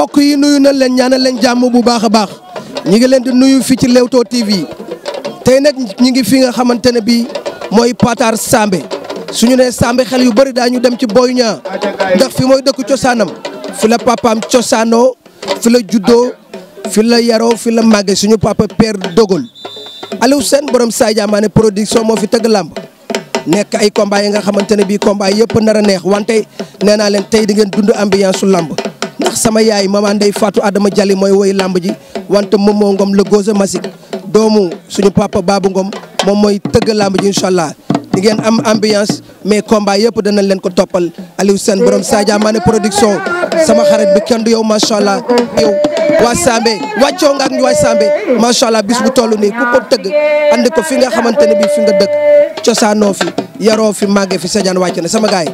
mbokk yi nuyu na leen ñaanal leen jàmm bu baax a baax ñi ngi leen di nuyu fii ci Leewtoo TV tey nag ñi ngi fi nga xamante ne bii mooy Patar su ñu nee Sambe xel yu bëri daañu dem ci Boy ñaa ndax fi mooy dëkk cosaanam fi la papaam cosaanoo fi la juddoo fi la yaroo fi la màggee suñu papa Père Dogol Aliou seen borom Saay Jaamaane production moo fi tëgg làmb nekk ay combat yi nga xamante ne bii combat yëpp nar a neex wante nee naa leen tey di ngeen dund ambiance su làmb ndax sama yaay mama Ndeye Fatou Adama Jali mooy woy làmb ji wante moom moo ngom le gose masik doomu suñu papa Babu ngoom moom mooy tëgg làmb ji incha allah di ngeen am ambiance mais combat yëpp danañ leen ko toppal Aliou Sène borom Sadia Mané production sama xarit bi kenn du yow macha allah yow waa Sambe wàccoo nga ak ñu waa Sambe macha allah bis bu toll nii ku ko tëgg ànd ko fi nga xamante ne bii fi nga dëkk cosaanoo fi yaroo fi màggee fi Sadiane wàcc na sama gars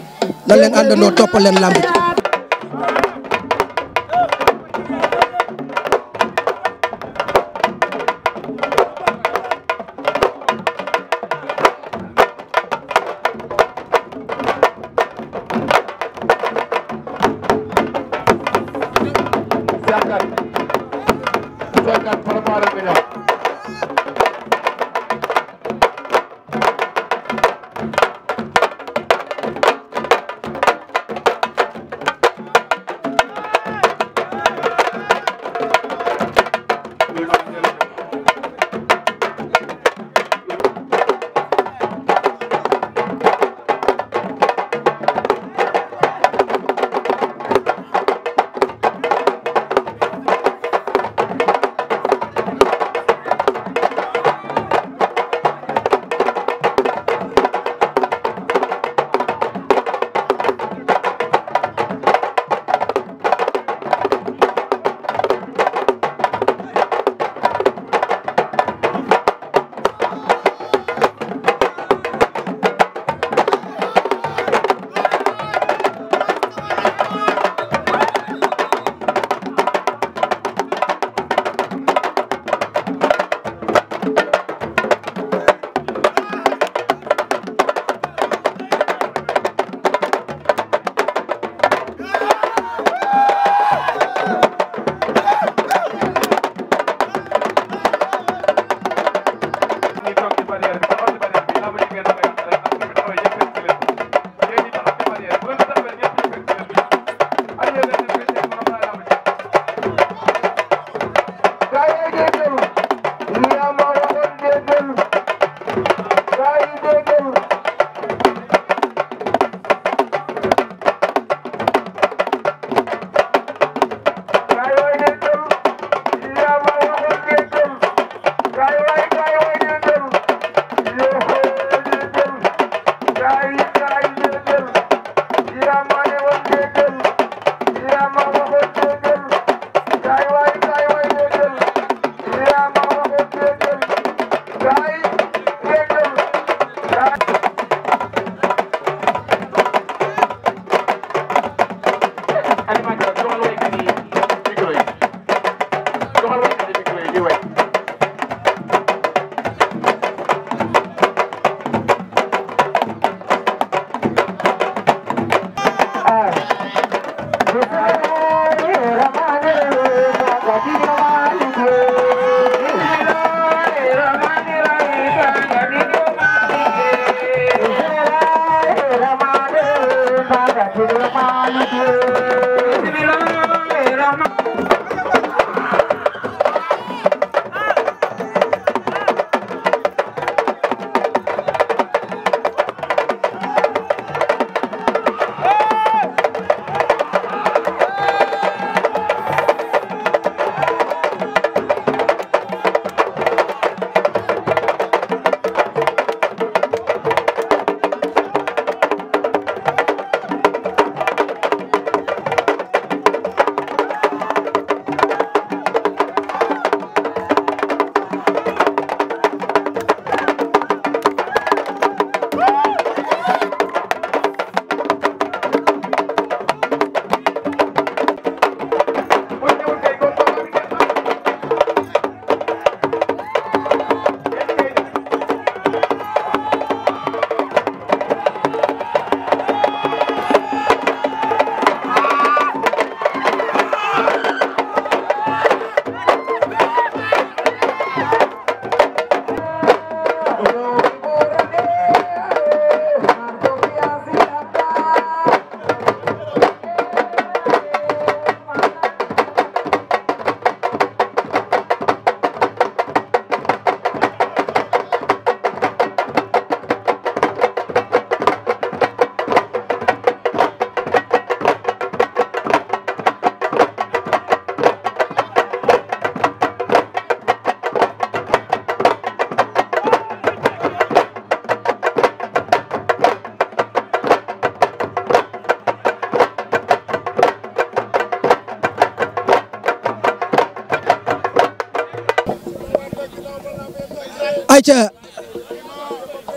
ayca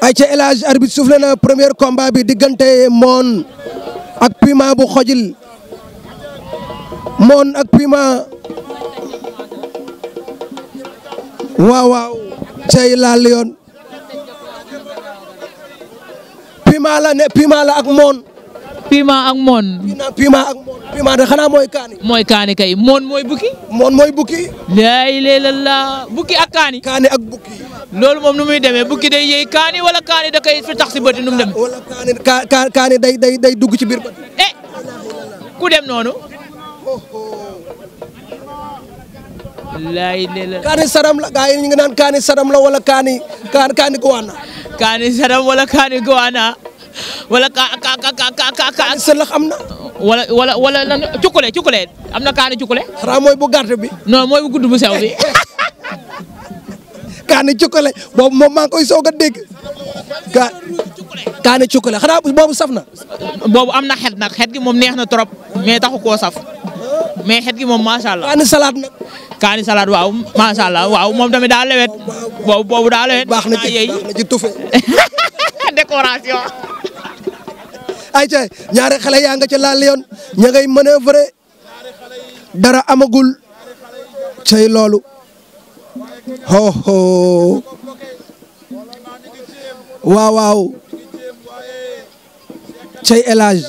ayca El Hadj arbitre soufflé na premier combat bi diggante Moon ak Piment bu xojil Moon ak Piment waaw waaw cay laal yoon Piment la ne Piment la ak Moon. Piment ak Moon. Piment ak Moon mooy kaani. kay Moon mooy bukki. Moon mooy bukki. laa ilaaha illallaah bukki ak kaani. kaani ak bukki. loolu moom nu muy demee bukki day yëy kaani wala kaani da fi tax si bëti nu mu demee. wala kaani day day day dugg ci biir bët. eh ku dem noonu. laay kaani saram la gaa yi ñu ngi naan kaani saram la wala kaani kaani kaani gowaana. kaani saram wala kaani gowaana wala ka ka ka ka ka ka. sëlax am na. wala wala wala lan cukkule cukkule am na kaani cukkule. xanaa mooy bu gàtt bi. noo mooy bu gudd bu sew bi. kaani cukkale boobu moom maa ngi koy soog a dégg ka kaani cukkale xanaa boobu saf na. boobu am na xet nag xet gi moom neex na trop mais taxu koo saf mais xet gi moom macha allah. kaani salade nag. kaani salade waaw macha allah waaw moom tamit daa lewet boobu boobu daa lewet na ci baax na ci tufe décoration. ay ca ñaari xale yaa nga ca laal yoon ña ngay dara amagul cay loolu. ho ho waaw waaw cey elage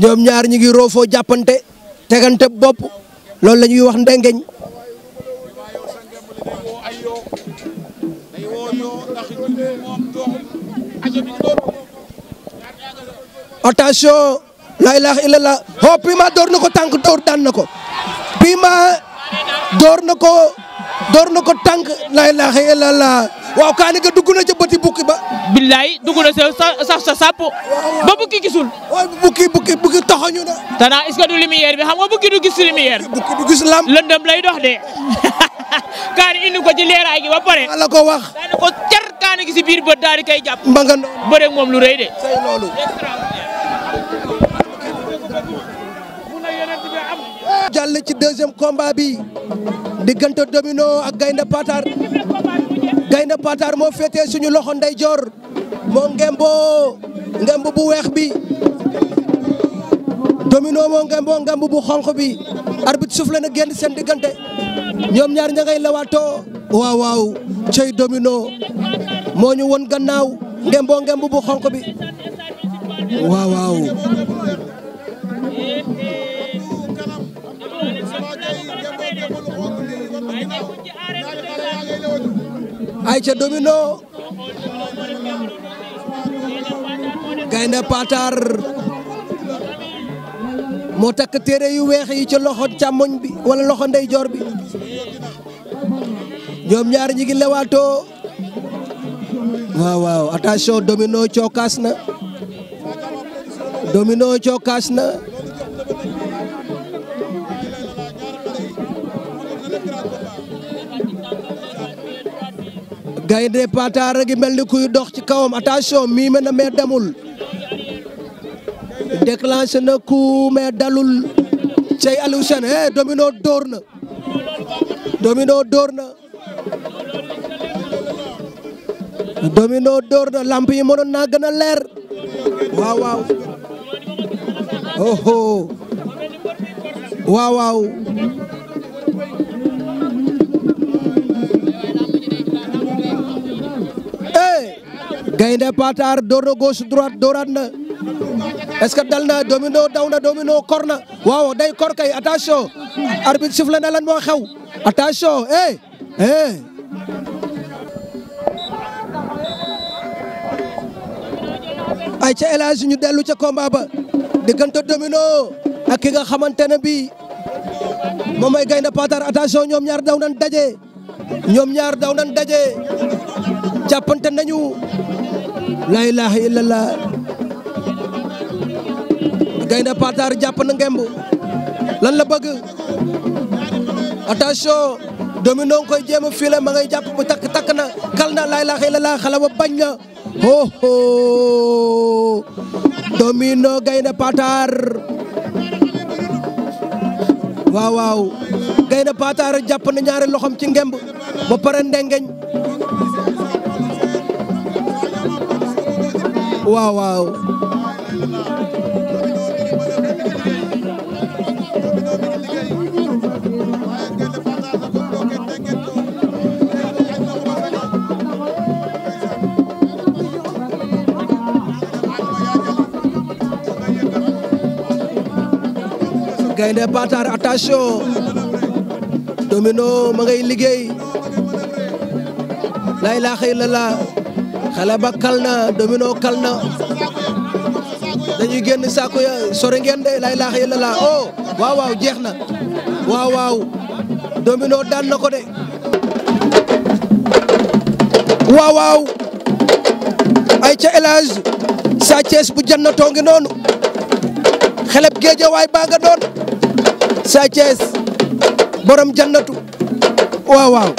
ñoom ñaar ñi ngi roofoo jàppante tegante bopp loolu la ñuy wax ndengeñ attention la ilaha illallah ho Pima door na ko tànk door daan na ko door na ko door na ko tànk laa ilaaha illallaah waaw kaani ga dugg na ca bëti bukki ba billaay dugg na sa sax sa sàpp ba bukki gisul waaw bukki bukki bukki na tanaa est-ce que du lumière bi xam nga bukki du gis lumière bukki du gis lam lëndëm lay dox de kaani indi ko ci leeraay gi ba pare la ko wax daana ko car kaani gi si biir bët daal di koy jàpp mba moom lu rëy de say loolu jàll ci deuxième komba bi diggante domino ak gaynde patar gaynde patar moo féetee suñu loxo ndeyjoor moo ngemboo ngemb bu weex bi domino moo ngemboo ngemb bu xonq bi arbitre soufflé na génn seen diggante ñoom ñaar ña ngay lawaatoo waaw waaw cey domino moo ñu won gannaaw ngemboo ngemb bu xonq bi waaw waaw ayca domino gaynde patar moo takk téere yu weex yi ca loxo càmmoñ bi wala loxo ndeyjoor bi ñoom ñaar ñi ngi lewaatoo waaw waaw attention domino cookaas na domino cookaas na gaynde pataar gi mel ni kuy dox ci kawam attention mii me na mais demul déclenché na coup mais dalul cey Aliou Sène eh domino dóor na domino dóor na domino na yi mënoon naa gën a leer waaw waaw oho oh. waaw waaw gaynde Patar door na gauche dooraat na est-ce que dal na domino daw na domino kor na waaw day kor kay attention arbitre sifflé na lan moo xew attention eh eh ay ca élage ñu dellu ca combat ba diggante domino ak ki nga xamante ne bii moom mooy gaynde Patar attention ñoom ñaar daw nañ daje ñoom ñaar daw nañ daje jàppante nañu laa ilaaha gaynde Patar jàpp na ngemb lan la bëgg attention domino koy jéem a file ma nga jàpp bu takk takk na kal na laa ilaaha illallah xala ba bañ na oh oh gaynde Patar waaw waaw gaynde Patar jàpp na ñaari loxom ci ngemb ba pare ndengeñ waaw waaw gaynde patar attention domino ma ngay liggéey la ilaha illallah xale ba kal na domino kal na génn saako ya sore ngeen de lay laax yëlla laa oh waaw waaw jeex waaw waaw domino daan na ko de waaw waaw ay ca élage Sa bu jannatoo ngi noonu xeleb géejawaay baa nga doon Sa borom jannatu waaw waaw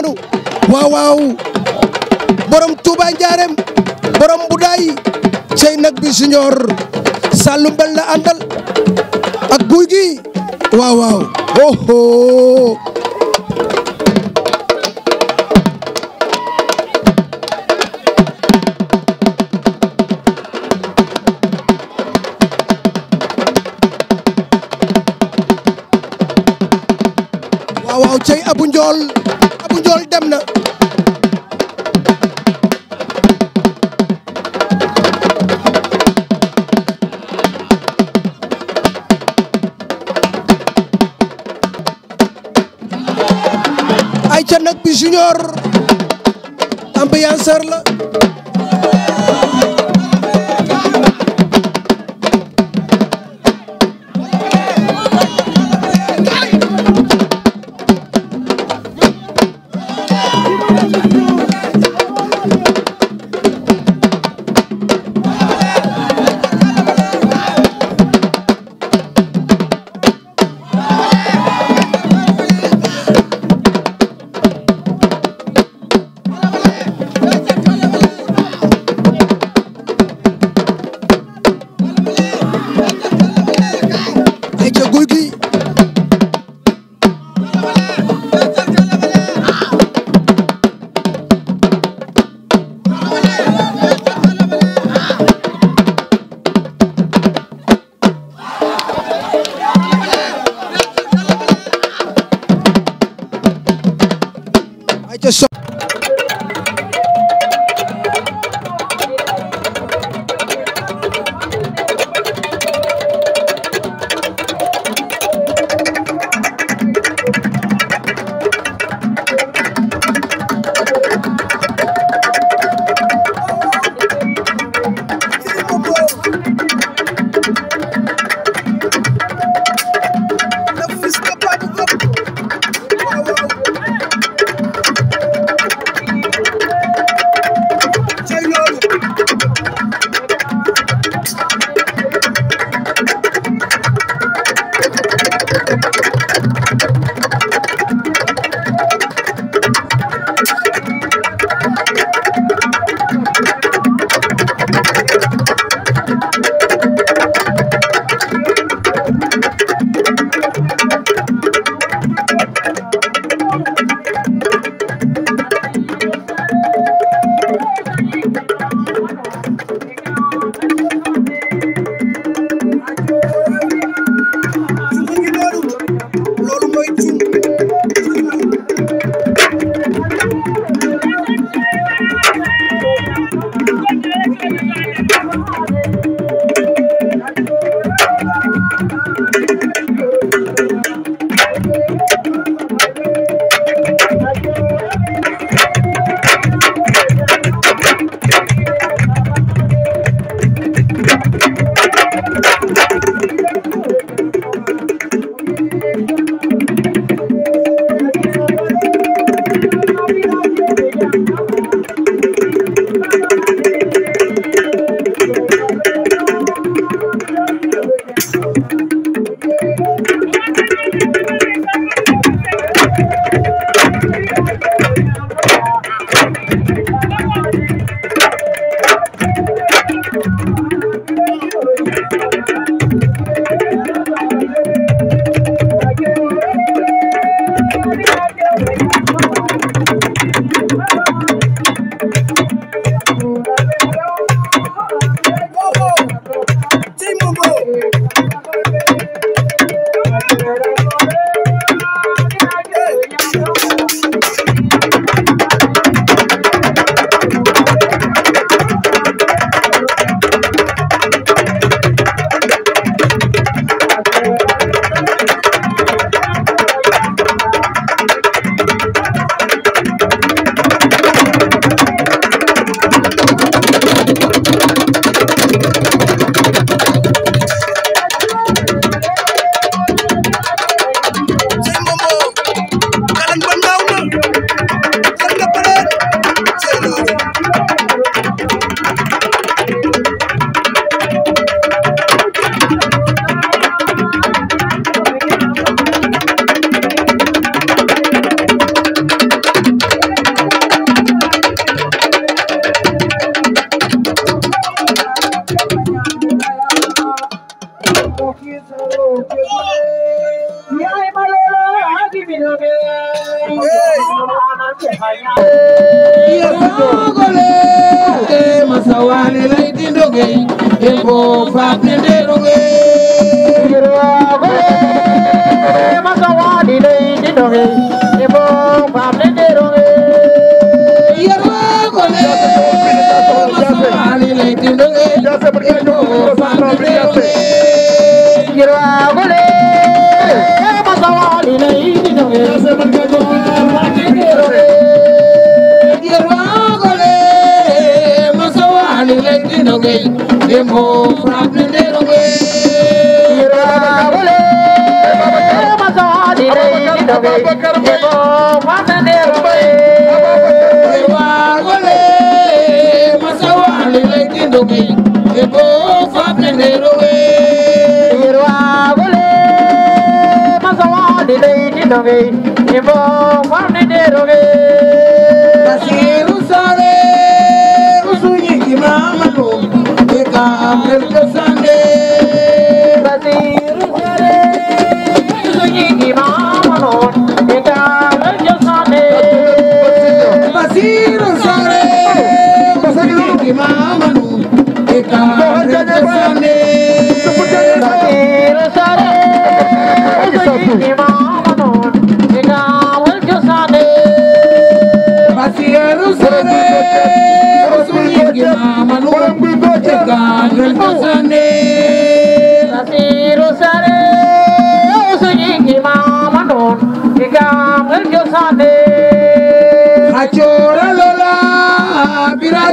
noonu waaw waaw borom Touba Ndiarème borom Budaay cey nag bi junior Saloum la àndal ak guy gi waaw waaw oh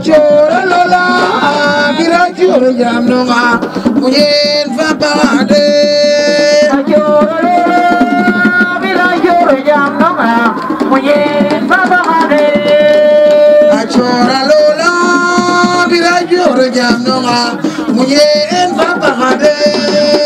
coora loola a bira coora jaam noga fa baxaade a bira coora jaam noga mujeen fa fa baxaade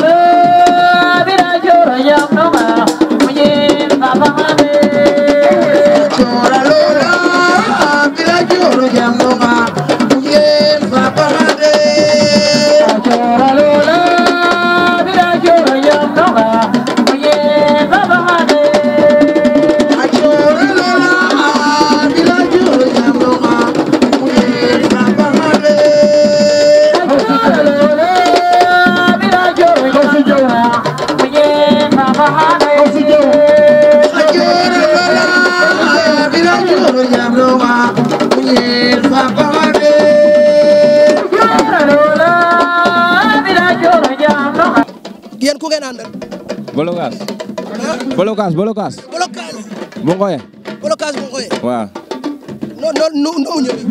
Bolokaas Bolokaas. Bolokaas. Bongoye. Bolokaas Bongoye. waaw. non non nu mu ñëwee.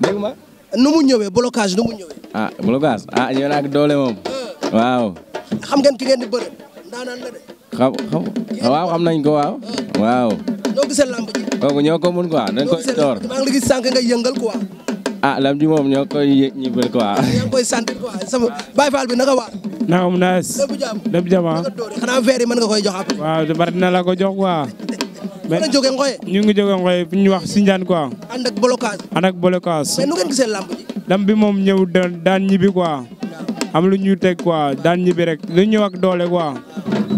dégg ma. nu mu ñëwee Bolokaas nu mu ñëwee. ah Bolokaas ah ñëw na ak doole eh. xam ngeen ki ngeen di bëre. ndaanaan la de. xam xam waaw xam nañ ko waaw. Eh. waaw. ñoo gisee lamb ji. kooku ñoo ko mun quoi dañ koy door. maa ngi gis sànq nga yëngal quoi. Ah, ji moom ñoo koy yëg ñu bëri yaa ngi koy sant quoi sama Baye Fall bi naka waa. naam naas. lépp jàmm ah. waa verre yi nga koy jox après. waaw dina la ko jox quoi. mais fan la jógee Ngoye. ngi jógee Ngoye bu ñu wax Sindian quoi. ànd ak blocage. ànd ak blocage. mais nu ngeen gisee lamb ji. bi moom ñëw daan ñibbi quoi. am lu ñu teg quoi daan ñibbi rek lu ñëw ak doole quoi.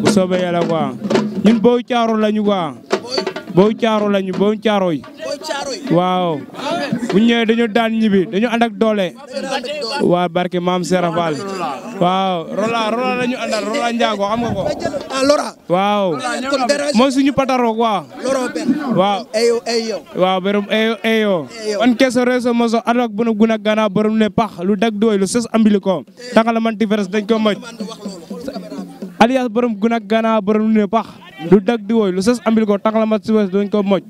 bu soobee yàlla quoi. ñun booy caaro lañu quoi. booy caaro lañu booy caaro yi. booy caaro waaw. bu ñu ñëwee dañu daan ñibbi dañu ànd doole waa barke maam Serap Fall waaw Rola Rola la ñu àndal Rola Ndiago xam ko. ah Lora. waaw mooy suñu pataro quoi. Loro benn. waaw eyo eyo. waaw borom eyo eyo. on keso reso moso adok bunu guna gana borom ne pax lu dag doy lu sos ambili ko tanga la man différence dañ ko moj alias borom guna gana borom ne pax. du dag di lu sos ambil ko taxalamat si wes dañ ko moj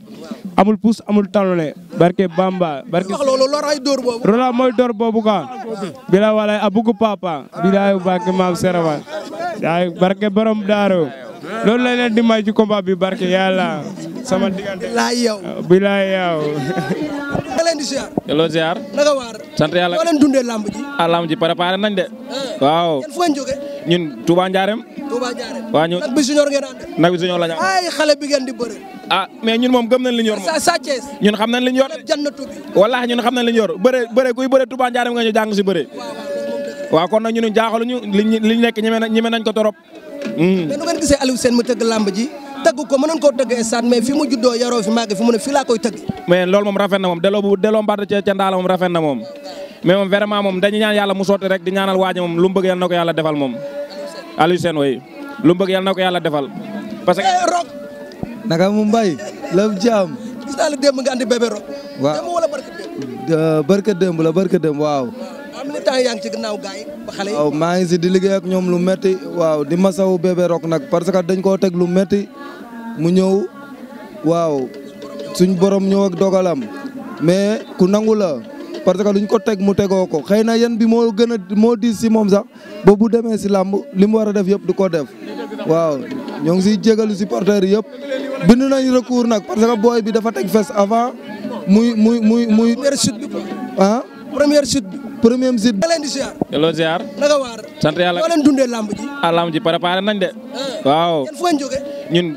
amul puus amul talone barke Bamba barke rola mooy door boobu ka bila walay a bugu papa bilaay barke maam serawa yaay barke borom daaro loolu lañ di may ci bi barke yàlla sama diggante bilaay yow leen di ziar. delloo ziar. naka waar. sant yàlla noo leen dundee ah, nañ de. Eh. waaw yéen fu ngeen jógee. ñun Touba Ndiarème. Touba Ndiarème. waa ñu nag bi suñor ngeen la ay xale bi ngeen di bëre. a ah, mais ñun moom gëm nañ li ñu yor moom. Sa ñun xam nañ li ñu yor de. jannatu bi. wallaahi ñun xam nañ li ñu yor bëre bëre kuy bëre Touba Ndiarème nga ñu jàng si bëre. waaw kon nag ñun jaaxaluñu li ñu nekk ñeme nañ ko torop. Hmm. mais nu ngeen gisee Aliou Sène ji tëgg ko mënoon koo tëgg stade mais fi mu juddoo yaroo fi màgg fi mu ne fi laa koy tëgg mais loolu moom rafet na moom delloo bu delloo mbaat ca ca ndaala moom rafet na moom mais moom vraiment moom dañu ñaan yàlla mu sotti rek di ñaanal waaja moom lu mu bëgg na ko yàlla defal moom Aliou Sène way lu mu ko yàlla defal parce que eh, rok naka mu mbay lëm jaam gis naa la démb nga andi bébé rok waaw démb wala barka démb la barka démb waaw militant yaa ngi ci gannaaw gaay ba xale yi. waaw maa ngi si di ak ñoom lu metti waaw di masawu bébé rok nag parce que dañ koo teg lu metti mu ñëw waaw suñ borom ñëw ak dogalam mais ku nangu la parce que luñ ko teg mu tegoo ko xëy na yan bi moo gën a moo diis si moom sax ba bu demee si làmb li mu war a def yëpp di ko def waaw ñoo ngi siy jégalu supporters yëpp bind nañ recours nag parce que booy bi dafa teg fes avant muy muy muy muy. première ah. premier site. nga leen di ziar. delloo ziar. a waar. sant yàlla ah, nañ de. Ah. waaw yéen fu ngeen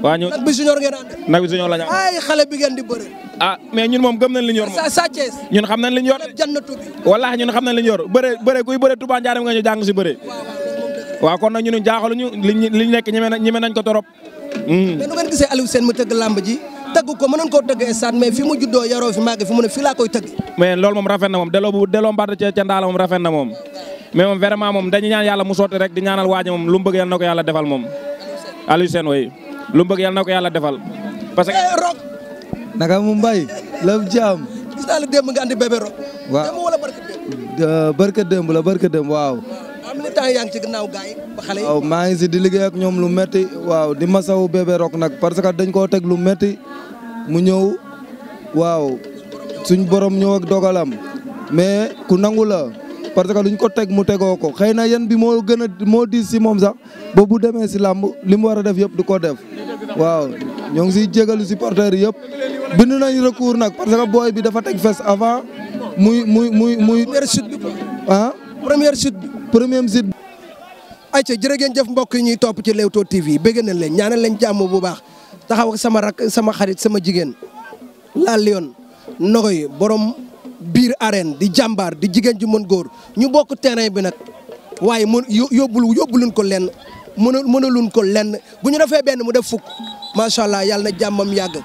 waa ñu nag bi junior ngeen ànd. nag bi junior la ñu ay xale bi ngeen di bëre. a ah, mais ñun moom gëm nañ li ñu yor moom. Sa Thiès. ñun xam nañ li ñu yor de. jannatu bi. wallaahi ñun xam nañ li ñu yor bëre kuy bëre Touba Ndiarème nga ñu jàng si bëre. waaw kon nag ñun jaaxaluñu li liñ nekk ñeme nañ ko torop hmm. mais nu ngeen gisee Aliou Sène mu tëgg lamb tëgg ko mënoon koo tëgg stade mais fi mu juddoo yaroo fi màgg fi mu ne fii laa koy tëgg mais loolu moom rafet na moom delloo bu delloo mbaat ca ca ndaala moom rafet na moom mais moom vraiment moom dañu ñaan yàlla mu sotti rek di ñaanal waaji moom lu mu bëgg na ko yàlla defal moom Aliou Sène way lu mu bëgg ko yàlla defal parce que eh, rok naka mu mbay lam jaam gis naa la démb nga andi bébé rok waaw démb wala barka démb la barka démb waaw xam ne temps yaa ngi ci gannaaw gars waaw maa ngi si di ak ñoom lu metti waaw di masawu bébé rok nag parce que dañ koo teg lu metti mu ñëw waaw suñ borom ñëw ak dogalam mais ku nangu la parce que luñ ko teg mu tegoo ko xëy na yan bi moo gën moo diis si moom sax ba bu demee si làmb li mu war a def yëpp di ko def waaw ñoo ngi siy jégalu supporters yëpp bind nañ recours nag parce que booy bi dafa teg fes avant muy muy muy muy. ah. premier site. ayca jërë ngeen jëf mbokk yi ñuy topp ci Leewtoo TV bëgg nañ leen ñaanal leen jàmm bu baax taxaw sama rak sama xarit sama jigéen la Lion Nogoy borom biir arène di jàmbaar di jigéen ji mën góor ñu bokk terrain bi nag waaye mën yóbbul yóbbuluñ ko leen mën mënaluñ ko lenn bu ñu defee benn mu def fukk macha allah yàlla na jàmmam yàgg.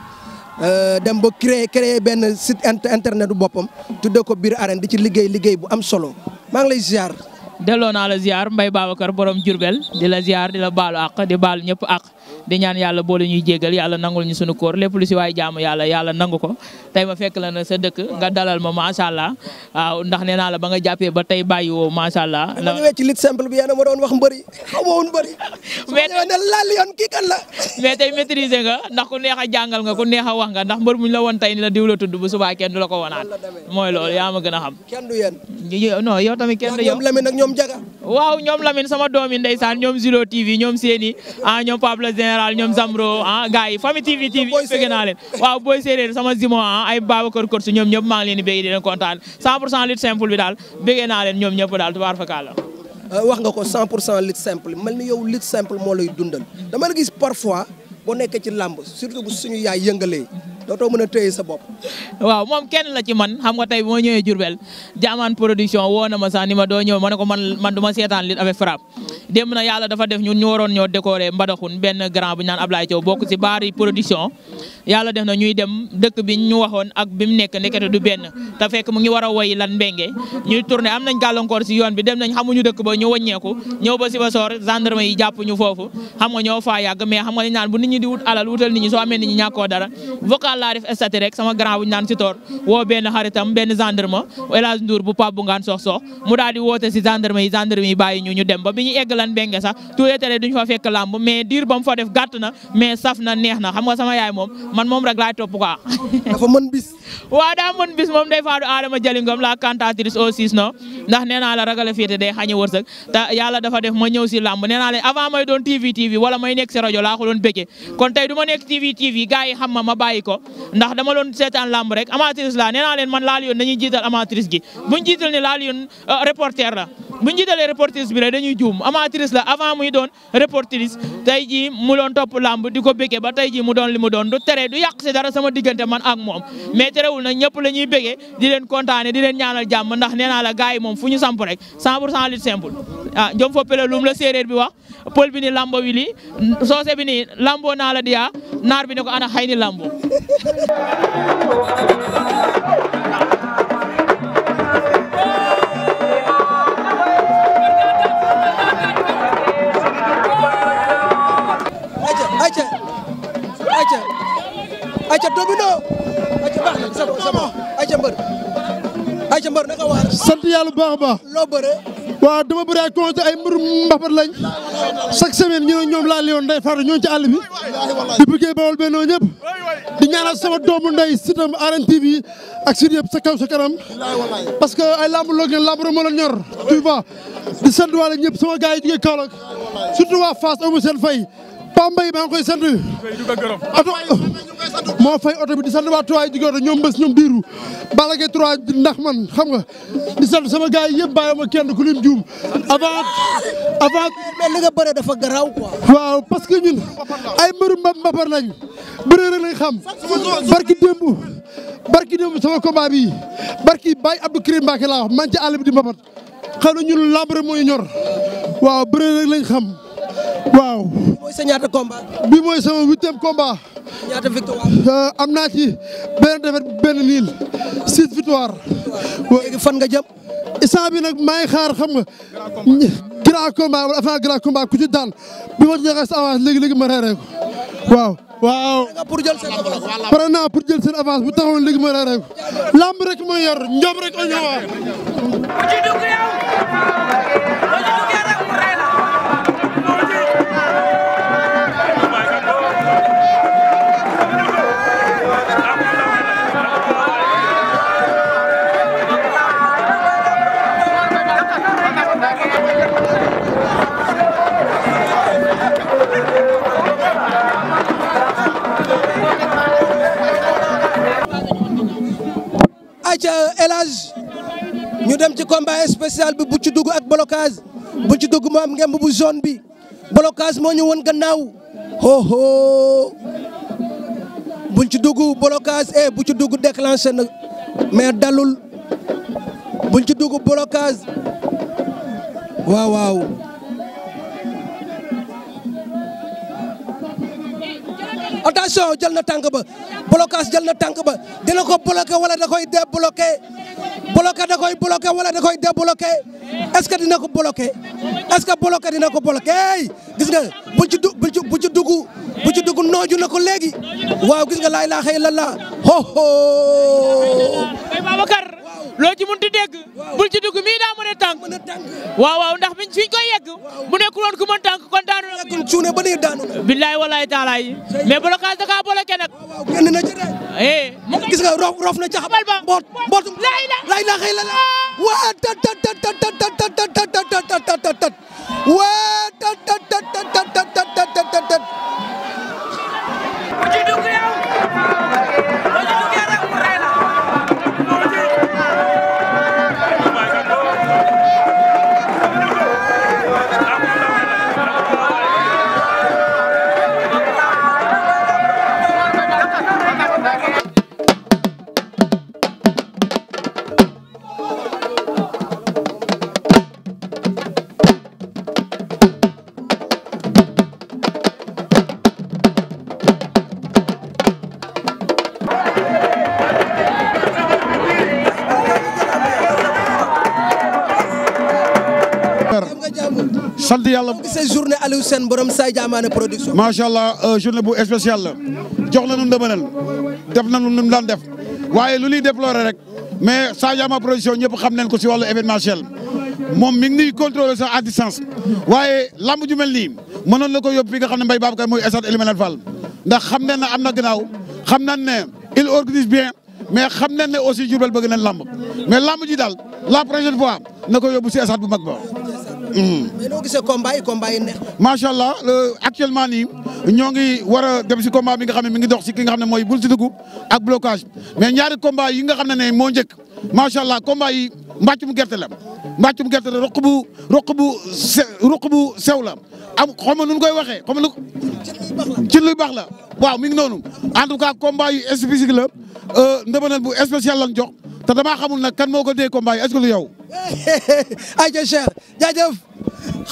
Euh, dem ba créer créer benn site internet bu boppam tuddee ko biir arène di ci liggéey liggéey bu am solo maa ngi lay ziar. delloo naa la ziar Mbaye Babacar borom Diourbel di la ziar di la baalu àq di baalu ñëpp ak di ñaan yàlla boole ñuy jéggal yàlla nangul ñu suñu koor lépp lu si waay jaamu yàlla yàlla nangu ko tey ma fekk la na sa dëkk nga dalal ma macha allah waaw ndax nee la ba nga jàppee ba tey bàyyi woo macha allah. ma ñëwee ci lit simple bi yéen a ma doon wax mbëri xamoo woon mbëri. mais ne nga ndax ku neex a jàngal nga ku neex a wax nga ndax mbër muñ la woon ni la diw tudd bu subaa kenn du wonaat mooy loolu yaa gën a xam. waaw ñoom Lamine sama doom yi général ñoom Zamro ah gars yi famille TV TV bëgg naa waaw booy séeréer sama zimo ah ay Babacar Korsi ñoom ñëpp maa ngi leen di kontaan 100 pour cent lutte simple bi daal bëgg naa ñoom ñëpp daal tubaar fakàlla euh, wax nga ko 100 pour cent lutte simple mel ni yow lutte simple moo lay dundal dama gis parfois boo nekkee ci làmb surtout bu suñu yaay yëngalee dootoo mën a téye sa bopp. waaw moom kenn la ci man xam ga tey moo ñëwee Diourbel jaamaan production woo na ma sax ni ma doo ñëw ma ne ko man man du ma seetaan lit avec frappe. dem na yàlla dafa def ñun ñu waroon ñoo décorer Mbadakhoune benn grand bu ñaan naan Ablaye Thiaw bokk ci baari production. yàlla def na ñuy dem dëkk bi ñu waxoon ak bi mu nekk nekkete du benn te fekk mu ngi war a woy lan mbenge ñuy tourné am nañ gàllankoor si yoon bi dem nañ xamuñu dëkk ba ñu wëññeeku ñëw ba si ba soor ñu foofu xam nga ñoo faa yàgg mais xam nga naan bu nit ñi di wut alal wutal nit ñi soo amee nit ñi ñàkkoo dara vocal laa def statut rek sama grand bu ñu naan si toor woo benn xaritam benn gendarme Elage Ndour bu Pape bu ngaan sox sox mu daal di woote si gendarme yi gendarme yi bàyyi ñu ñu dem ba bi ñu egg lan mbenge sax tuulee télé duñ fa fekk làmb mais diir ba mu fa def gàtt na mais saf sama yaay moom man moom rek laay topp quoi. dafa mën bis. waaw daa mën bis moom day faatu Adama Jalingom la cantatrice au six no ndax nee naa la ragal a féete day xañi wërsëg te dafa def ma ñëw si làmb nee avant may doon TV TV wala may nekk si laa ko doon béggee kon tey du ma nekk TV TV gars yi xam ma ma bàyyi ko ndax dama doon seetaan làmb rek amatrice laa nee naa leen man laal yoon dañuy jiital amatrice gi buñ jiital ne laal yoon euh, reporter la buñ jiitalee reportrice bi rek dañuy juum amatrice la avant muy doon reportrice tey jii mu doon topp làmb di ko béggee ba tey jii mu doon li mu doon du tere du yàq si sama diggante man ak moom terewul na ñëpp la ñuy bégee di leen kontaane di leen ñaanal jàmm ndax ne naa la gars yi moom fu ñu samp rek 100 pour cent lutte simple ah jom foppale lum la séeréer bi wax pël bi ni lambo wi lii soose bi ni lambo naa la diyaa naar bi ne ko ana xay ni lambo Acha Domino sama ay sant yàlla bu baax a baax loo bëre waaw dama bëri ay conseil ay mbër mbapat lañ chaque semaine ñu ne ñoom laa li yoon ndey faatu ñoo ci àll bi di bëggee bawol bennoo ñëpp di ñaanal sama doomu ndey sitam Arène ak sur yëpp sa kaw sa kanam parce que ay lamb loog leen lamb moo la ñor tu di sant waale ñëpp sama gars yi jógee Kaolack surtout waa Fass amu seen fay Pambay maa ngi koy sant. oto moo fay oto bi di sant waa tuwaay jigéen oto ñoom bés ñoom diiru. Balla Gaye 3 ndax man xam nga di sant sama gars yi yëpp bàyyi ma kenn ku lim juum avant avant. mais li nga bëre dafa garaaw quoi. waaw parce que ay mbëru mbabar lañ bëree rek lañ xam. barki démb barki démb sama combat bi barki Baye Abdou Karim Mbacké laa wax man ci àll bi di mbabar xam na ñun lambre mooy ñor waaw bëree lañ xam. waaw. bii mooy sa ñaata combat. Euh, am naa ci benn défaite benn niil six victoire. waaw fan nga jëm. instant bi nag maa ngi xaar xam nga. grand combat wala avant grand combat ku bi ma joxee sa avance léegi léegi ma reeree ko waaw. waaw pour jël seen avance. naa pour jël seen avance bu taxawoon léegi ma reeree ko. lamb rek ma yor njob rek a ñëwaat. ayca élage ñu dem ci combat spécial bi bu ci dugg ak blocage bu ci dugg mu am bu zone bi blocage moo ñu won gannaaw hoho bu ci dugg blocage eh bu ci dugg déclenché na mais dalul bu ci dugg blocage waaw waaw. attention jël na tànk ba blocage jël na tànk ba dina ko bloqué wala da koy débloqué bloqué da koy bloqué wala da koy débloqué est-ce que dina ko bloqué est-ce que bloqué dina ko bloqué gis nga bu ci du bu ci bu ci dugg bu ci dugg nooju na ko léegi waaw gis nga laa ilaaha illallaah ho loo ci munti dégg bul ci dugg mii daa mën a tànk waaw ndax biñ fiñ koy yegg bu nekkul woon ku mën tànk kon daanu la kon cuune ba léegi daanu la billaay walaay taalaay mais blocage da kaa bloqué nag waaw génn na ci gis nga roof roof na jaxabal ba mboot mboot laay la laay la xëy la la waa tat tat tat tat tat tat tat tat tat tat tat waa tat tat tat ko gisee journée Aliou Sène borom Saay Jaamaane production. macha allah euh, journée bu spéciale la jox la nu ndëmënal def na nu mu daan def waaye lu ñuy déplorer rek mais Saay Jaamaane production ñëpp xam nañ ko si wàllu événementiel moom mi ngi nii contrôler sa à distance waaye lamb ju mel nii mënoon na ko yóbbu fi nga xam ne Mbaye Babacar mooy stade Elimane Fall ndax xam neen ne am na gannaaw xam nañ ne il organise bien mais xam nañ ne aussi Diourbel bëgg nañ lamb mais lamb ji daal la prochaine fois na ko yóbbu si stade bu mag mais noo gisee yi combat macha allah actuellement nii ñoo ngi war a dem si combat bi nga xam ne mi ngi dox si ki nga xam ne mooy bul si dugg ak blocage mais ñaari combat yi nga xam ne ne moo njëkk macha allah combat yi mbàccum gerte la mbàccum gerte la roq bu roq bu se roq bu sew la am xaw ma nu koy waxee xaw ma ci luy baax la waaw mi ngi noonu en tout cas combat yu spécifique la euh, ndëbënal bu spécial lañ jox te damaa xamul nag kan moo ko dee combat yi est-ce que lu yow. ayca Cheikh jaajëf.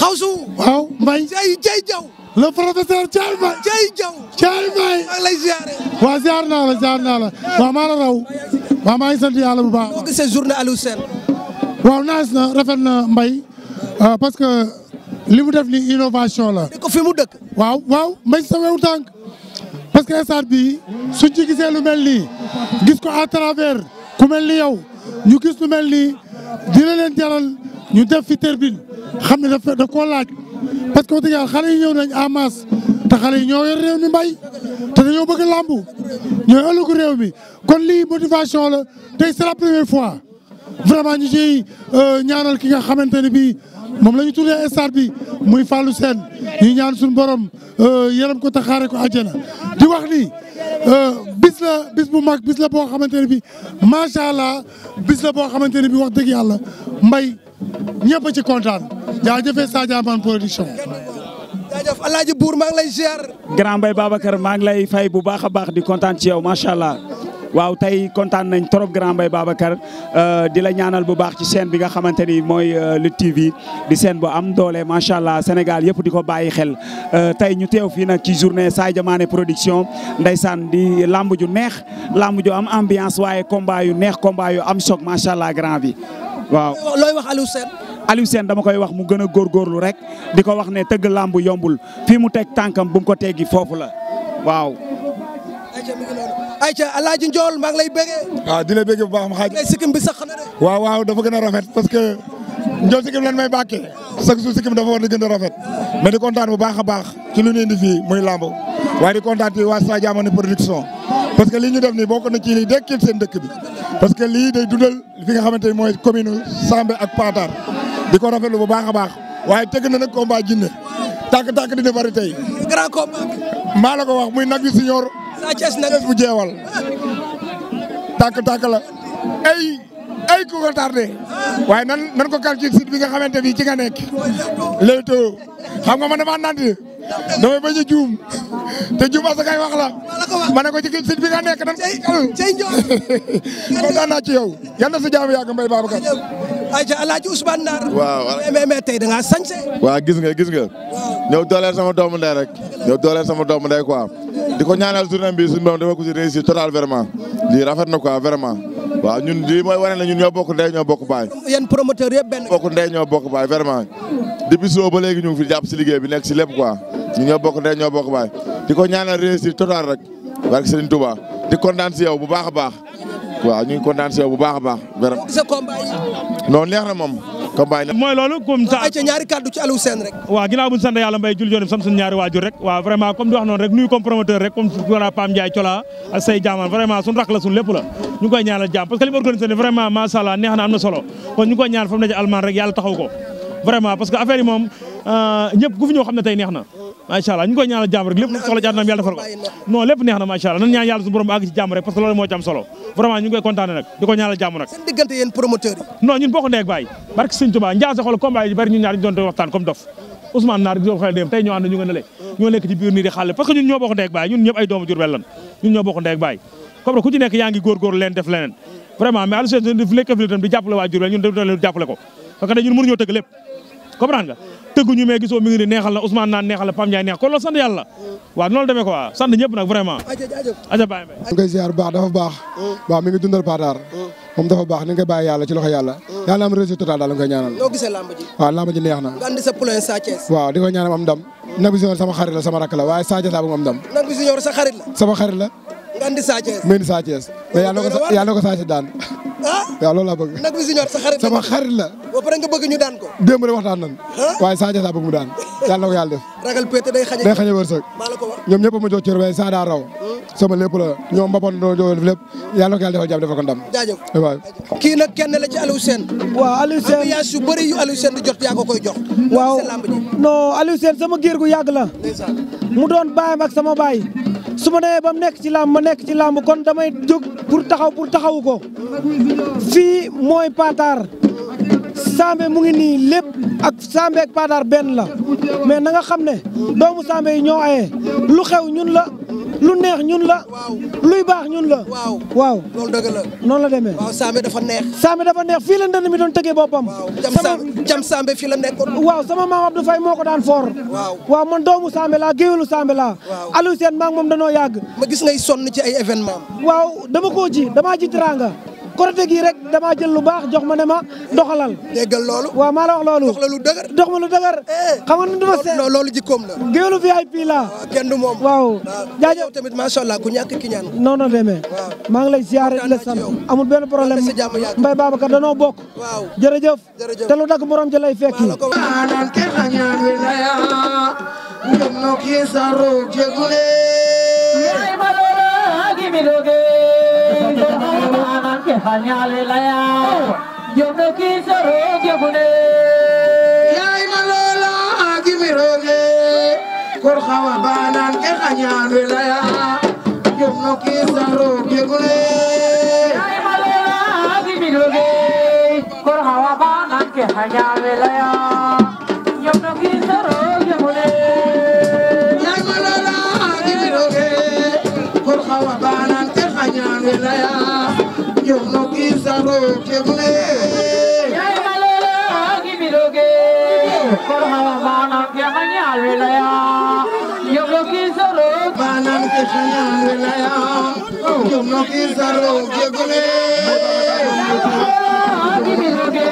xawsu waaw mbay jay jay jaw le professeur Thial Mbaye jay jaw Thial Mbaye maa ngi lay waaw ziar naa la ziar naa waaw maa raw waaw maa ngi sant yàlla bu baax noo gisee journée Aliou waaw naas na rafet na mbay euh, parce que li mu def ni innovation la ni waaw waaw mbay sa wew tànk parce que stade bi suñ ci mel nii gis ko à travers ku mel ni yow ñu gis mel nii dina leen ñu def fi turbine xam ne daf daf koo laaj parce que wax dëgg yàlla xale yi ñëw nañ en masse te xale yi ñoo yor réew mi mbay te dañoo bëgg làmbu ñooy ëllëgu réew mi kon lii motivation la tey c'est la première fois vraiment ñu ciy euh, ñaanal ki nga xamante ne bii moom la ñu tuddee stade bi muy Fallou seen ñu ñaan suñu borom euh, yaram ko taxaare ko àjjana di wax ni euh, bis la bis bu mag bis la boo xamante ne bii macha allah bis la boo xamante ne bii wax dëgg yàlla mbay. ñëpp ci kontaan jaajëfee Sadia Mane production. jaajëf El Hadj Bour maa ngi lay ziar. grand Mbaye Babacar maa ngi lay fay bu baax a baax di kontaan ci yow macha allah waaw tey kontaan nañ trop grand Mbaye Babacar euh, di la ñaanal bu baax ci seen bi nga xamante ni mooy euh, Lutte TV di chaîne bu am doole macha allah Sénégal yëpp di ko bàyyi xel. Euh, tey ñu teew fii nag ci journée Sadia Mane production ndeysaan di lamb ju neex lamb ju am ambiance waaye combat yu neex combat yu am choc macha allah grand bi. waaw looy wax Aliou Sène Aliou Sène dama koy wax mu gën a góorlu rek di ko wax ne tëgg làmb yombul fii mu teg tànkam bu mu ko teggi foofu la waaw ayca alaaji njool maa ngi lay bëggee di la bëggee bu baax ma xaaj sikkim bi sax na de waaw waaw dafa gën a rafet parce que njool sikkim lan may bàkkee chaque jour sikkim dafa war di gën a rafet mais di kontaan bu baax a baax ci lu ñu muy làmb waaye di kontaan ci waa Sa Diamane parce que lii ñu def nii bokk na ci lii dekkil seen bi parce que lii day dundal fi nga xamante ni mooy commune Sambé ak Patar di ko rafetlu bu baax a baax waaye tëgg na nag combat jinne tàkk-tàkk dina bari tey. grand maa la ko wax muy nag yu si ñor. saa Thiès bu jeewal. tàkk-tàkk la ay ay ku ko tardé waaye nan ko calcul site bi nga xamante i ci nga nekk. Leewtoo xam nga man damaa naan damay bañ a juum te juum asakay wax la ma ne ko ci site bi nga nekk dan ko ci yow yal na sa jaamu yàgg Mbaye Babacar ayca Alaaji Ousmane Ndar waaw mais tey da ngaa sañse waaw gis nga gis nga ñëw dooleel sama doomu ndey rek ñëw dooleel sama doomu ndey quoi di ko ñaanal journée bi suñu borom dafa ko ci réussir total vraiment lii rafet na quoi vraiment waaw ñun lii mooy wane ne ñun ñoo bokk ndey ñoo bokk baay. yéen promoteur yëpp benn. bokk ndey ñoo bokk baay vraiment depuis suba ba léegi ñu ngi fi jàpp si liggéey bi nekk si lépp quoi ñun ñoo bokk ndey ñoo bokk baay di ko ñaanal réussite total rek barke Serigne Touba di kontaan si yow bu baax a baax waaw ñu ngi kontaan si yow bu baax a baax. vraiment sa combat yi. non neex na moom. combat mooy loolu comme ça ayca ñaari kàddu ci Aliou Sène rek waaw ginnaaw bu ñu sant mbay jul jonim sam ñaari waajur rek waaw vraiment comme di wax noonu rek nuyu comme promoteur rek comme wala Pam Ndiaye Cola ak jaaman vraiment suñu rak la suñu lépp la ñu ngi koy ñaanal jàmm parce que li mu organisé vraiment macha allah neex na am solo kon ñu ngi ñaan fa mu almaan rek yàlla taxaw ko vraiment parce que affaire moom euh, ñëpp ku fi ñoo xam ne tey neex na macha allah ñu ñaanal jàmm rek lépp lu soxla ci àdduna yàlla defal ko non lépp neex na macha allah ñaan yàlla suñu borom àgg ci jàmm rek parce que loolu moo ci solo vraiment ñu ngi kontaane nag di ko ñaanal jàmm nag seen ñun bokk ndeeg baay barke sëñ Tuubaa njaase xool combat yi bari ñun ñaar ñu xel dem tey ñoo ànd ñu nga le ñoo nekk ci biir nii di xàlle parce que ñun comprendre nga tëgguñu mais gisoo mi ngi ni na Ousmane naan neexal na Pam Ndiaye neex kon loolu sant yàlla waaw noonu demee quoi sant ñëpp nag vraiment aja bàyyi mbay ñu koy ziar bu baax dafa baax waaw mi ngi dundal Patar moom dafa baax ni nga koy bàyyi yàlla ci loxo yàlla yàlla am réussite totale daal nga koy ñaanal noo gisee lamb ji neex na nga andi sa poulain di ko ñaanal am ndam Nabi Junior sama xarit la sama rakk la waaye Sa Thiès laa bëgg sama xarit la nga andi Sa Thiès. mu indi Sa Thiès mais yàlla na ko yàlla na ko Sa Thiès daan. ah waaw loolu laa bëgg. nag bi si ñor sa la sama ba pare waxtaan nañ. Ah? waaye Sa a laa bëgg mu daan yàlla na ko yàlla def. ragal xañe wërsëg. la ko wax ñoom ñëpp a ma jox cër waaye Sa daa hmm? sama lépp la ñoom Mbapane doo doo lépp yàlla na ko yàlla defal jàmm defal ko ndam. kii nag kenn la ci Aliou Sène. waaw Aliou Sène sama géer gu yàgg la. mu doon baayam ak sama baay su ma demee ba mu nekk ci làmb ma nekk ci làmb kon damay jóg pour taxaw pour taxawu ko fii mooy Patar Sambé mu ngi nii lépp ak Sambé ak benn la mais na nga xam ne doomu Sambé yi ñoo aye lu xew ñun la lu neex ñun la. luy baax ñun la. waaw waaw. loolu dëgg la. noonu la demee. waaw dafa neex. Sambé dafa neex fii la ndënd mi doon tëggee boppam. sama jam Sambé fii la nekkoon. waaw sama maam Abdou fay moo ko daan foor. waaw waaw man doomu Sambé laa géwélu Sambé laa. waaw Aliou Sène maa moom danoo yàgg. ma gis ngay sonn ci ay événement waaw dama koo ji damaa ji teraanga. Korité gi rek damaa lu baax jox ma ne ma doxalal. déggal loolu. waaw maa la wax loolu. dox la lu dëgër dox ma lu dëgër. Eh. xam nga ma see loolu loolu jikkoom la. géwélu VIP laa. Ah, kenn du moom. waaw ah, jaajëf tamit macha allah ku ñàkk ki ñaan. non non demee. maa ngi lay ziare di la sant amul benn problème Mbaye Babacar danoo bokk. waaw jërëjëf. jërëjëf te lu dagg borom ja lay आगे मिलोगे तो हम आनंद के हन्याले लाया यमुनों की सरोग यमुने यही मलोला आगे मिलोगे कोरखावा बानान के हन्याले लाया यमुनों की सरोग यमुने यही मलोला आगे मिलोगे कोरखावा बानान के हन्याले लाया belaya yorno kisaro kegle yai malolo gibiloge korma mana kyamanya alvelaya yorno kisaro banan kishanya alvelaya yorno kisaro kegle gibiloge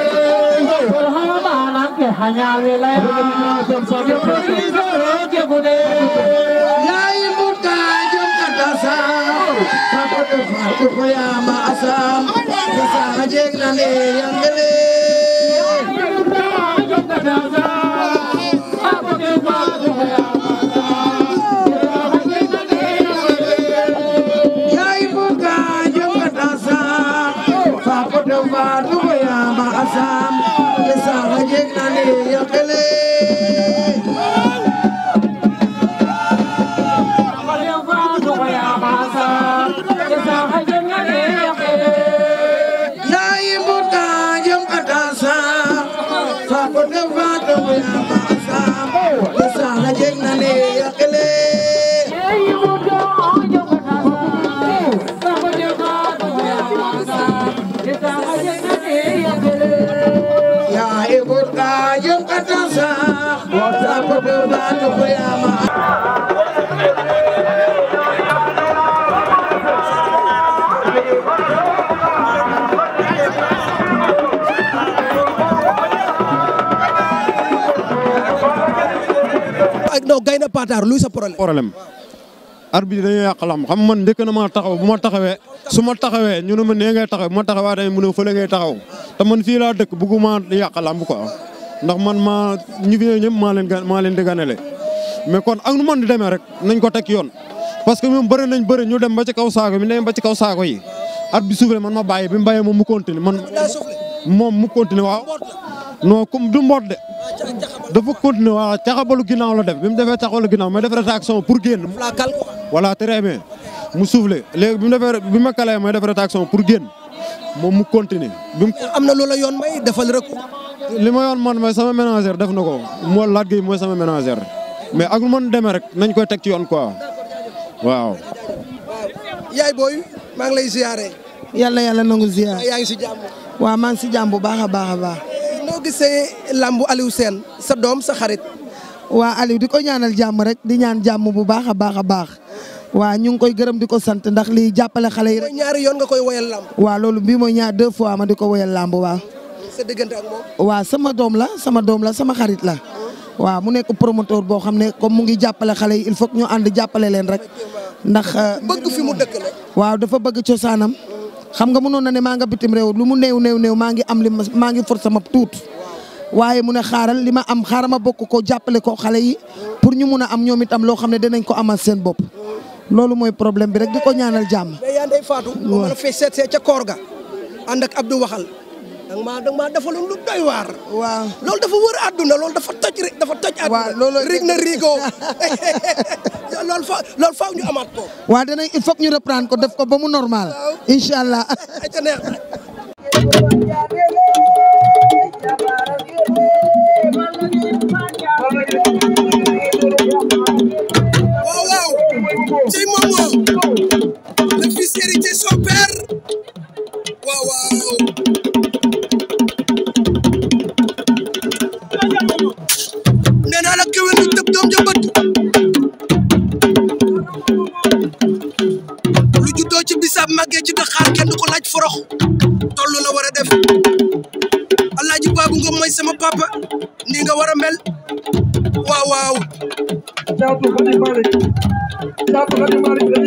korma mana kyamanya alvelaya yorno kisaro kegle yai muta jom katasa ma asam kasana jegna ne yangele yai buka jogata sa fa podo ma asam kasana jegna ne da Gaynde Pataar luy sa problème. problème arbitre bi dañuy yàq lam xam man njëkk na ma taxaw bu ma taxawee su ma taxawee ñu ne ma nee ngay taxaw bu ma taxawaa dañuy mu ne fële ngay taxaw te man fii laa dëkk bëgguma yàq lam quoi. ndax man ma ñu fi ñëw ñëpp maa leen maa leen di ganale mais kon ak nu mën demee rek nañ ko teg yoon parce que ñoom bëri nañ bëri ñu dem ba ci kaw saako mi dem ba ci kaw saako yi at bi suufle man ma bàyyi bi mu bàyyee moom mu continué man moom mu continué waaw non comme du mboot de dafa continué waaw caxabalu ginnaaw la def bi mu defee caxabalu ginnaaw mais def rétraction pour génn voilà très bien mu suufle léegi bi mu defee bi ma kalee may def rétraction pour génn moom mu continuer. bi am na loola yoon may defal rek. li ma yoon man mooy sama ménagère def na ko moo laaj gi mooy sama ménagère mais ak man demee rek nañ koy teg ci yoon quoi waaw. yaay booy maa ngi lay ziare. yàlla yàlla nangu ziar. yaa ngi si jàmm. waaw maa ngi si jàmm bu baax a baax a baax. noo gisee làmbu Aliou Sène sa doom sa xarit. waa Aliou di ko ñaanal jàmm rek di ñaan jàmm bu baax a baax a baax. waaw ñu ngi koy gërëm di ko sant ndax lii jàppale xale yi rek. ñaari yoon nga koy woyal làmb. waaw loolu bii mooy ñaar deux fois ma di ko woyal làmb waaw. sa diggante ak sama doom la sama doom la sama xarit la. waaw mu nekk promoteur boo xam ne comme mu ngi jàppale xale yi il faut que ñu ànd jàppale leen rek. ndax euh, bëgg fi mu dëkk la. waaw dafa bëgg cosaanam. xam nga mënoon na ne maa nga bitim réew lu mu néew néew néew maa ngi am li ma maa ngi for sama tuut. waaye mu ne xaaral li ma am xaaral ma bokk ko jàppale ko xale yi pour ñu mun a am ñoom itam loo xam ne dinañ ko amal seen bopp loolu mooy problème bi rek di ko ñaanal jàmm. mais yaa ndey Fatou. waaw ma seet see ca koor ga. ànd ak Abdou Waxal. danga maa danga maa defaloon lu doy waar. waaw loolu dafa wër àdduna loolu dafa toj rek dafa toj. waaw loolu àdduna rig na rigoo loolu fa loolu faaw ñu amaat ko. waaw danañ il faut ñu reprendre ko def ko ba mu normal. waaw allah. Cey Momo le fils héritier son père waaw waaw nee naa la kéwél du tëb doom ja bëtt lu juddoo ci bisaab màggee ci daxaar kenn du ko laaj forox tollu la war a def alaaji baabu ngom mooy sama papa ni nga a mel waaw waaw Tá, tá, tá, tá, tá,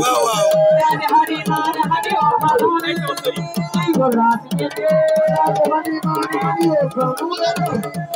waaw waaw waaw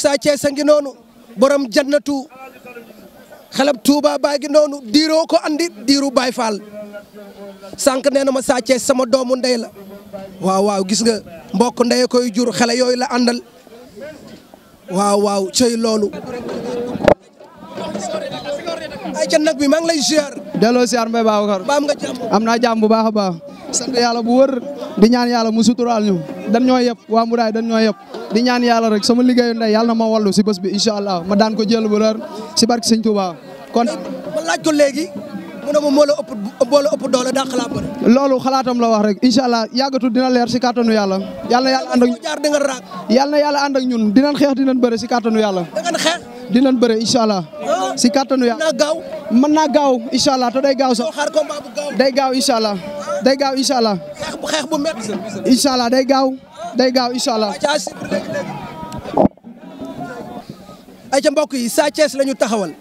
Sa sangi a ngi noonu borom jannatu xelab tuuba baa ngi noonu diiroo ko andi diiru Baye Fall sànq nee na ma Sa sama doomu ndey la waaw waaw gis nga mbokk ndey koy jur xale yooyu la àndal waaw waaw cëy loolu. ay ca nag bi maa ngi lay ziar. delloo ziar Mbaye Babacar. baam nga jàmm am naa jàmm bu baax a baax. sant yàlla bu wër di ñaan yàlla mu suturaal ñu. dan ñoo yëpp waa Mburaay dan ñoo yëpp. di ñaan yàlla rek sama liggéeyu ndey yàlla na ma wallu si bés bi incha allah ma daan ko jël bu leer si barke sëñ Touba kon. ma laaj ko léegi mu ne ma moo la ëpp moo ëpp doole daa xalaat bëri. loolu xalaatam la wax rek incha allah yàggatul dina leer si kàttanu yàlla. yàlla na yàlla ànd ak jaar yàlla na yàlla ànd ak ñun dina xeex dinañ bëre si kàttanu yàlla. dinañ xeex. dinañ bëre incha allah. Ah. si kàttanu yàlla mën naa gaaw. mën naa gaaw incha allah te day gaaw sax. xaar day gaaw incha allah. Ah. day gaaw incha allah. xeex bu xeex bu day gaaw day gaaw incha allah. ay ca mbokk yi Sa Thiès la ñu taxawal.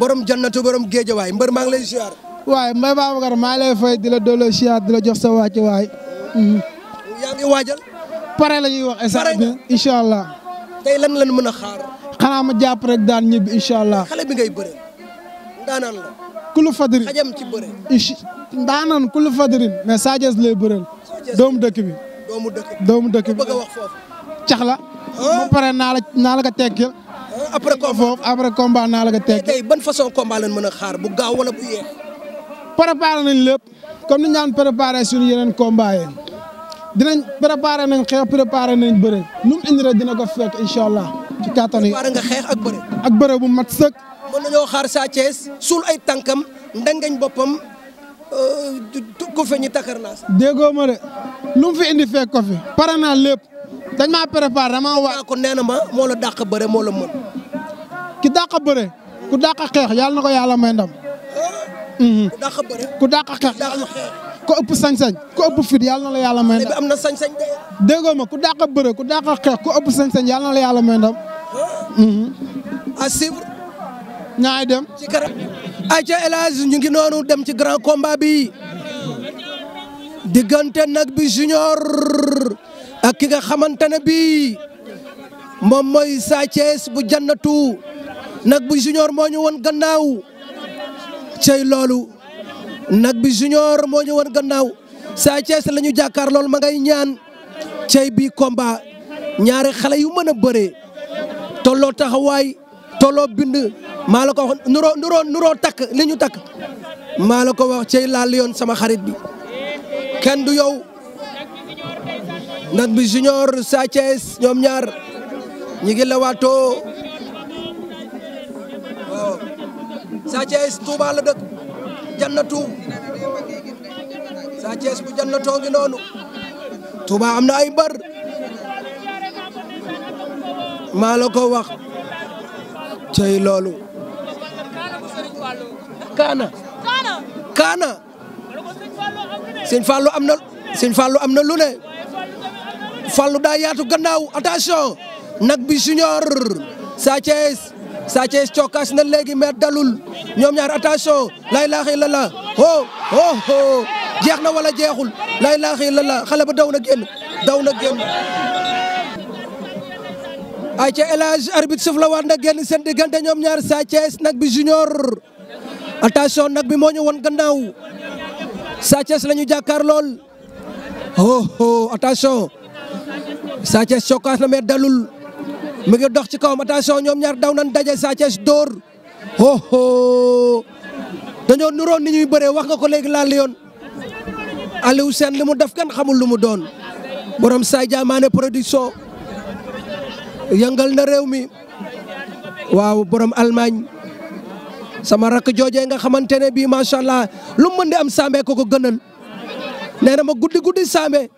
borom jannatu borom géejawaay mbër maa ngi lay ziar. waaye Mbaye Babacar maa ngi lay fay di la doole ziar di jox sa wàcc waay. Mm-hmm. yaa ngi waajal. pare la ñuy wax. pare nga allah. tey lan lan mën a xaar. xanaa ma jàpp rek daan ñibbi incha allah. xale bi ngay bëre. daanaan la. kulu fadri xajam ci Sa Thiès lay dëkk bi. doomu dëkk bi doomu dëkk bi bëgg a wax foofu. la. ba pare naa la naa la ko tekkil. après combat foofu après naa la ko tekkil. tey ban façon combat lañ mën a xaar bu gaaw wala bu yéex. préparé nañ lépp comme ni ñu daan préparé suñu yeneen combat yi dinañ préparé nañ xeex préparé nañ bëre nu mu indi rek dina ko fekk incha allah ci kattan yi. préparé nga xeex ak bëre. ak bëre bu mat sëkk. mën nañoo xaar Sa suul ay tànkam ndengeñ boppam. ku euh, fi ñu takar naa sax. ma de lu fi indi fekk ko pare naa lépp dañ maa préparé damaa wax. ko nee na ma moo la dàq bëre moo la mën. ki dàq bëre ku dàq xeex yàlla na ko yàlla may ndam. Mhm. ku dàq bëre ku dàq xeex. ko ëpp sañ-sañ ko ëpp fit yàlla na la yàlla may ndam am na sañ-sañ de. ma ku dàq bëre ku dàq xeex ko ëpp sañ-sañ yàlla na la yàlla may ndam. Mhm. ñaay dem ci kanam. ayca elage ñu ngi noonu dem ci grand combat bi diggante nag bi junior ak ki nga xamante ne bii moom mooy Sa bu jannatu nag bi junior moo ñu woon gannaaw cey loolu nag bi junior moo ñu woon gannaaw Sa Thiès la ñu jàkkaar ma ngay ñaan cey bii combat ñaari xale yu mën a bëree tolloo taxawaay tolloo bind maa la ko wax nuroo nuroo takk li ñu takk maa la ko wax ci laal yoon sama xarit bi kenn du yow nat bi junior Sa ñoom ñaar ñi ngi la waatoo waaw Sa la dëkk jannatu Sa bu jannatoo ngi noonu Touba am na ay mbër maa la ko wax cey loolu kaana kaana sëñ Fallou am na sëñ Fallou am na lu ne Fallou daa yaatu gannaaw attention nag bi junior Sa Thiès Sa Thiès cokkaas na léegi mais dalul ñoom ñaar attention lay laaxi la ho ho ho jeex na wala jeexul lay laaxi la la xale ba daw na génn daw na génn ay ca élage arbitre suuf la na génn seen diggante ñoom ñaar Sa nag bi junior attention nag bi moo ñu won gannaaw Sa Thiès la ñu jàkkaar lool oh oh attention Sa na mais dalul mi ngi dox ci kawam attention ñoom ñaar daw nañ daje Sa Thiès dóor oh oh dañoo nuroon ni ñuy bëree wax nga ko léegi laal yoon Aliou Sène mu def kenn xamul lu mu doon borom Saay Jaamaane production yëngal na réew mi waaw borom Allemagne. sama rakk joojee nga xamante ne bii macha allah lu mu mën am Sambe ko ko gënal nee na ma guddi guddi Sambe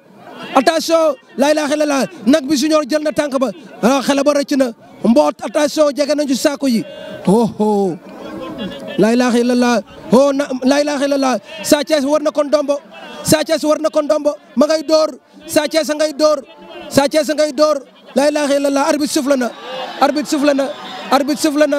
attention lay laa xela la nag bi junior jël na tànk ba ah xela ba rëcc na mboot attention jege nañu saako yi oh oh laa ilaaha illallaah oh na laa ilaaha war na ko ndombo Sa Thiès war na ko ndombo ma ngay door Sa Thiès ngay door Sa Thiès ngay door laa ilaaha illallaah arbitre na arbitre souffle na arbitre na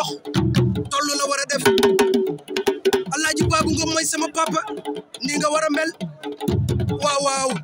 torox tollu la war a def alaaji baabu ngom mooy sama papa ni nga war a mel waaw waaw.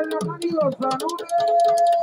Baila, amigos, saludos.